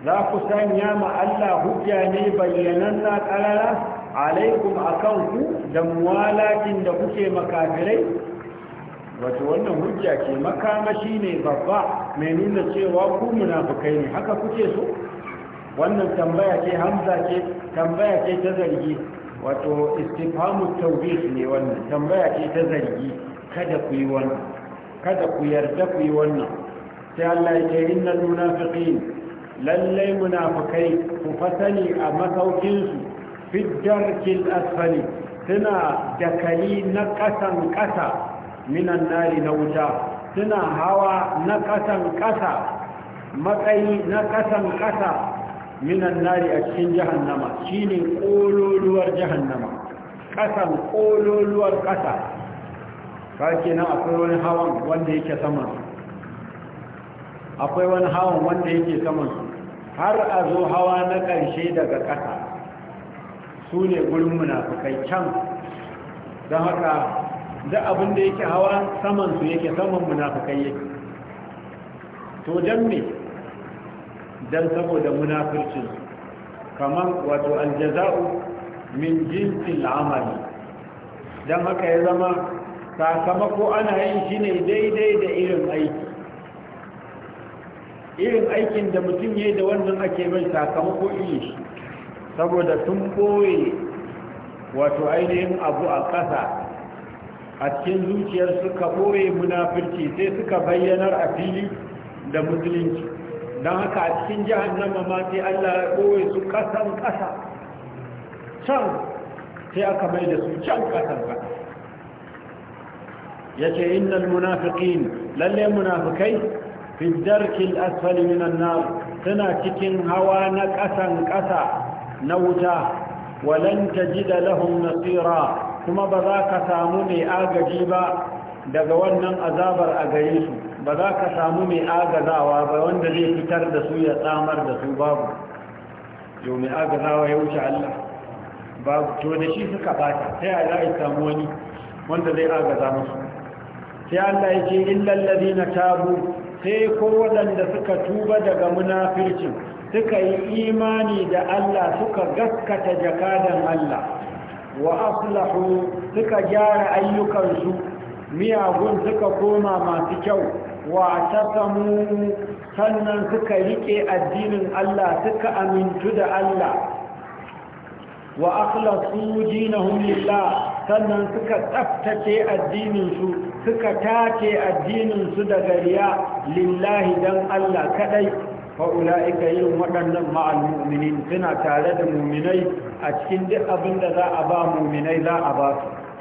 za ku sanya ma Allah hujja ne bayyananna ƙarara? alaikum akan ku da muwalatin da kuke makafirai wato wannan hujja ce makamashi ne babba mai nuna cewa ku munafukai ne haka kuke so wannan tambaya ce hamza ce tambaya ce ta zargi wato istifhamu tawbih ne wannan tambaya ce ta zargi kada ku yi wannan kada ku yarda ku yi wannan sai Allah ya yi nan munafiqin lallai munafikai ku fasani a masaukin su fi darkil suna dakali na ƙasan ƙasa minan nari na wuta suna hawa na ƙasan ƙasa. matsayi na ƙasan ƙasa minan nari a cikin jahannama Shi ne ƙololuwar jahannama Ƙasan ƙololuwar ƙasa. kake nan akwai wani hawan wanda yake saman akwai wani hawan wanda yake saman har a zo hawa na ƙarshe daga ƙasa su ne gurin munafukai can don haka da abin da yake hawa saman su yake saman munafukai yake to don me don saboda munafircin kamar wato aljaza'u min jinsin amali don haka ya zama sakamako ana yin shi ne daidai da irin aiki irin aikin da mutum ya da wannan ake mai sakamako iri shi saboda tun boye wato ainihin abu a ƙasa a cikin zuciyar suka boye munafirci sai suka bayyanar a fili da musulunci don haka a cikin jihannama ma sai allah ya boye su ƙasan ƙasa can sai aka mai da su can ƙasan ƙasa ya ce innal munafiqin lalle munafikai fi darkil asfali minan na suna cikin hawa na ƙasan ƙasa na wuta walan tajida lahum nasira kuma ba za ka samu mai agaji ba daga wannan azabar a gare su ba za ka samu mai agazawa ba wanda zai fitar da su ya tsamar da su babu yau mai agazawa ya wuce Allah babu to da shi suka bata sai a za a samu wani wanda zai agaza musu sai Allah ya ce illal na tabu sai ko waɗanda suka tuba daga munafircin suka yi imani da Allah suka gaskata jakadan Allah wa aslahu suka gyara ayyukansu miyagun suka koma masu kyau wa tasamu sannan suka rike addinin Allah suka amintu da Allah wa akhlasu dinahum lillah sannan suka tsaftace addininsu suka tace addininsu daga riya lillahi dan Allah kadai fa'ula'ika yin waɗannan ma'al suna tare da muminai a cikin duk abin da za a ba muminai za a ba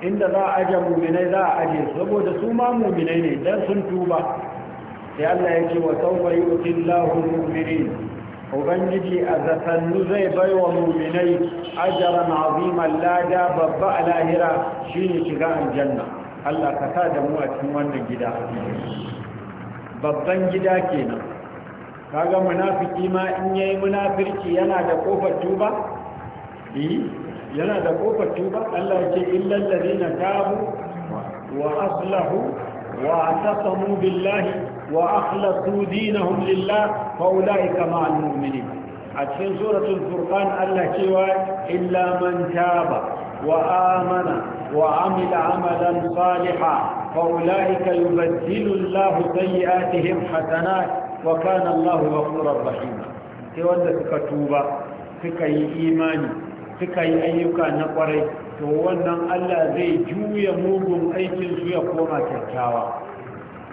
su inda za a aje muminai za a aje su saboda su ma muminai ne dan sun tuba sai Allah ya ce wa saufa yu'tillahu mu'minin ubangiji a zatannu zai bai wa muminai ajaran aziman lada babba a lahira shine shiga aljanna Allah ka sa da mu a cikin wannan gida babban gida kenan kaga munafiki ma in yayi munafirci yana da kofar tuba eh yana da kofar tuba Allah ya ce illal ladina tabu wa aslahu wa atasamu billahi wa akhlasu dinahum lillah fa ulaika ma'al mu'minin a cikin suratul furqan Allah cewa illa man taba wa amana wa amila amalan salihan fa ulaika yubaddilu Allahu sayyi'atihim hasanat wa kana Allah ghafurur rahim sai wanda suka tuba suka yi imani suka yi ayyuka na kwarai to wannan Allah zai juya mugun aikin su ya koma kyakkyawa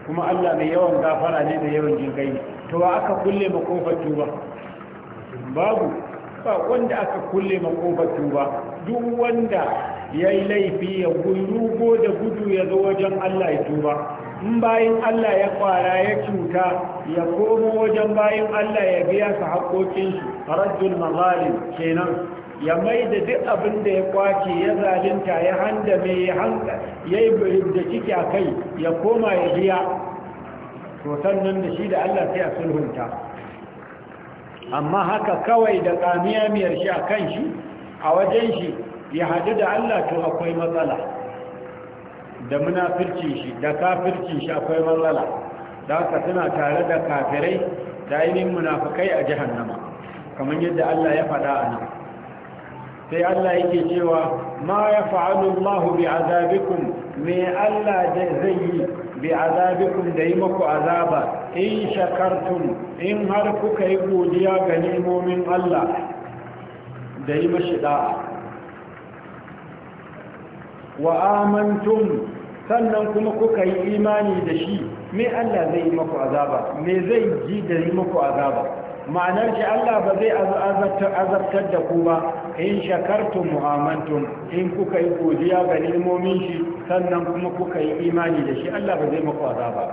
kuma Allah mai yawan gafara ne da yawan jinkai to wa aka kulle makofar tuba babu ba wanda aka kulle makofar tuba duk wanda yayi laifi ya gurugo da gudu ya zo wajen Allah ya tuba in bayan Allah ya kwara ya cuta ya komo wajen bayan Allah ya biya su haƙoƙinsu raddul mazalim kenan ya mai da duk abin da ya kwace ya zalinta ya mai ya hanka ya yi da ciki a kai ya koma ya biya to sannan da shi da Allah sai a sulhunta amma haka kawai da miyar shi a kan shi a wajen shi ya haɗu da Allah to akwai matsala da munafircin shi da kafircin shi akwai mallala. da haka suna tare da kafirai da ainihin munafukai a jahannama kamar yadda Allah ya faɗa a nan sai Allah yake cewa ma ya fa'alu Allah bi azabikum me Allah zai yi bi azabikum da yi maku azaba in shakartum in har kuka yi godiya ga nemomin Allah da yi mashi da'a wa amantum sannan kuma kuka yi imani da shi me Allah zai yi maku azaba me zai ji da yi maku azaba ma'anar shi Allah ba zai azabtar da ku ba in shakartun mu'amantum in kuka yi godiya ga nilmomin shi sannan kuma kuka yi imani da shi Allah ba zai maku azaba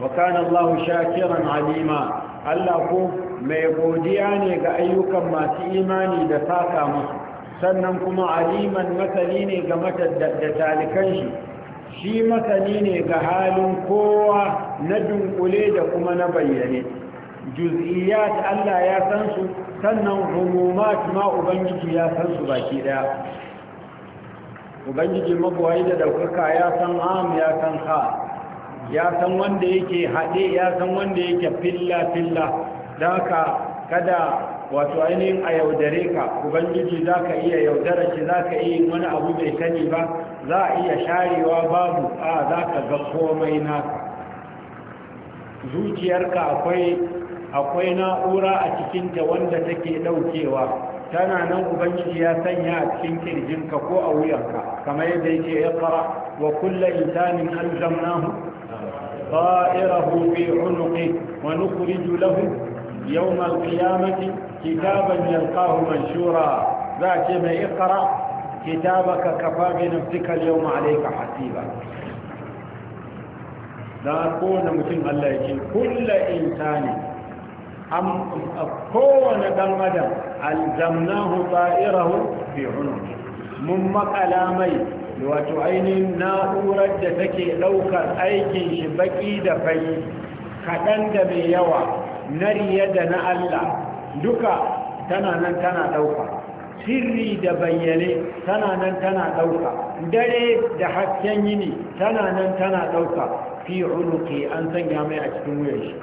wa kana Allah shakiran alima Allah ko mai godiya ne ga ayyukan masu imani da saka musu sannan kuma aliman masani ne ga matadda talikan shi shi masani ne ga halin kowa na dunkule da kuma na bayyane juz'iyat Allah ya san su sannan umumat ma ubangiji ya san su baki daya ubangiji magwai da daukaka ya san am ya san ha ya san wanda yake haɗe ya san wanda yake filla filla don kada wato ainihin a yaudare ka ubangiji za ka iya yaudara shi za ka iya wani abu bai sani ba za a iya sharewa babu a za ka ga komai naka zuciyarka akwai na'ura a cikinta wanda take daukewa tana nan ubangiji ya sanya a cikin kirjinka ko a wuyanka kamar yadda yake ya fara wa kulla insanin alzamnahu ta'irahu fi unuqi wa nukhriju lahu يوم القيامة كتابا يلقاه منشورا ذات ما اقرأ كتابك كفى بنفسك اليوم عليك حسيبا لا أكون مثل الله يجي كل إنسان أم كون دم أدم ألزمناه طائره في عنقه من مقلامي wato ainihin na'urar da take ɗaukar aikin shi baƙi da fai kaɗan da mai yawa nariya da na Allah duka tana nan tana ɗauka sirri da bayyane tana nan tana ɗauka dare da hasken yini tana nan tana ɗauka fi unuki an sanya mai a cikin wuyan shi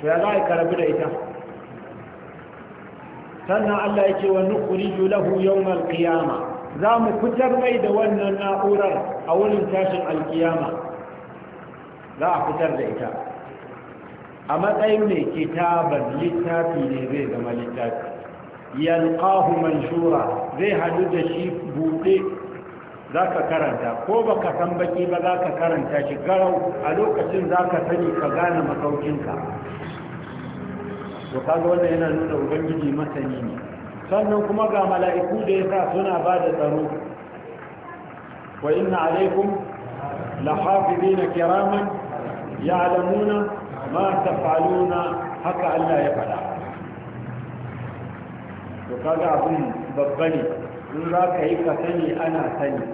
to ya za a da ita sannan Allah ya ce wa nukhriju lahu yawmal qiyamah za mu fitar mai da wannan na'urar a wurin tashin alkiyama za a fitar da ita a matsayin mai kitabar littafi ne zai zama littafi yalqahu manshura zai hadu da shi buɗe za ka karanta ko baka san baki ba za ka karanta shi garau a lokacin za ka sani ka gane makaukinka to kaga wannan yana nuna ubangiji masani ne sannan kuma ga mala'iku da ya sa suna ba da tsaro wa inna alaikum la hafizina kiraman ya'lamuna ma tafaluna haka Allah ya faɗa to kaga abin babba ne in za ka yi ka sani ana sani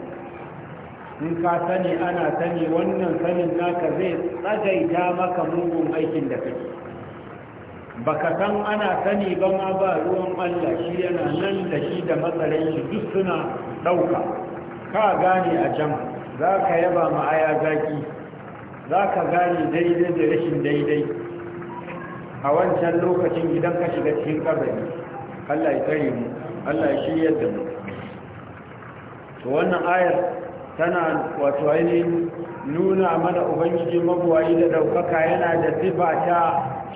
in ka sani ana sani wannan sanin naka zai tsagaita maka mugun aikin da kake baka san ana sani ba ma ba ruwan Allah shi yana nan da shi da matsalai shi duk suna ɗauka ka gane a can za ka yaba ma aya zaki za ka gane daidai da rashin daidai a wancan lokacin idan ka shiga cikin ƙarfi Allah ya tsari mu Allah ya shirya da mu to wannan ayar tana wato ainihin nuna mana ubangiji mabuwayi da ɗaukaka yana da sifa ta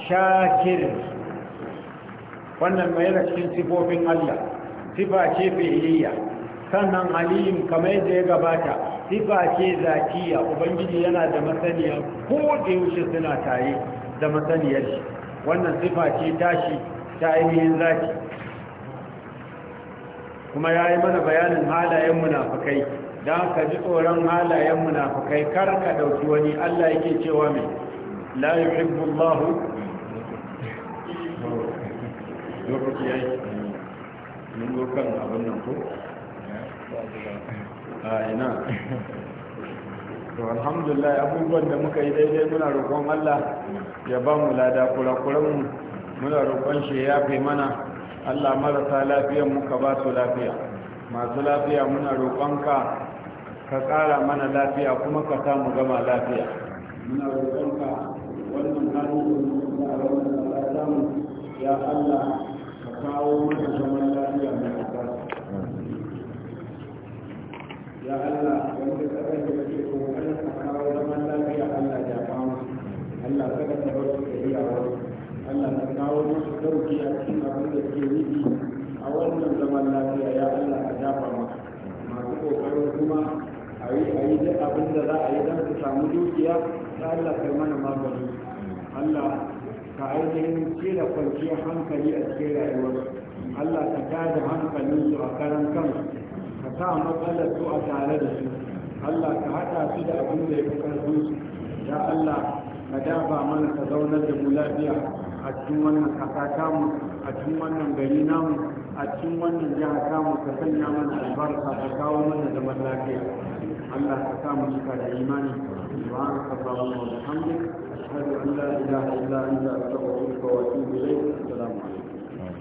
shakir wannan mai cikin sifofin Allah sifa ce fi'iliya sannan alim kamar yadda ya gabata sifa ce zakiya ubangiji yana da masaniya ko da yaushe suna tare da masaniyar shi wannan sifa ce tashi ta ainihin zaki kuma ya yi mana bayanin halayen munafukai don ka ji tsoron halayen munafukai kar ka ɗauki wani allah yake cewa mai la yuhibbu allahu lokaci ya yi mun kan nan ko a ina to alhamdulillah abubuwan da muka yi daidai muna roƙon Allah ya ba mu lada kurakuran mu muna roƙon shi ya fi mana Allah marasa lafiyan muka ba su lafiya masu lafiya muna roƙonka ka ƙara mana lafiya kuma ka samu gama lafiya muna roƙonka wannan kanu da ya Allah ka kawo mana zaman lafiya ya Allah wanda kasar da kake so Allah ka kawo zaman lafiya Allah ya kawo Allah kada ta bar su da Allah ka kawo musu dauki a cikin abin da ke nufi a wannan zaman lafiya ya Allah ka dafa maka masu kokarin kuma a yi a yi duk abin da za a yi don su samu dukiya ta Allah kai mana magani Allah ka ainihin cire kwanciyar hankali a cikin rayuwar Allah ka tada hankalin su a karan kansu sa matsalar su a tare da su Allah ka haɗa su da abin da ya fi ƙarfin su ya Allah ka dafa mana ka zaunar da mu lafiya a cikin wannan ƙasa tamu a cikin wannan gari namu a cikin wannan jiha tamu ka sanya mana albarka ka kawo mana da lafiya Allah ka sa mu cika da imani subhanaka allahumma wa bihamdik ashhadu an la ilaha illa anta astaghfiruka wa atubu ilayk assalamu alaikum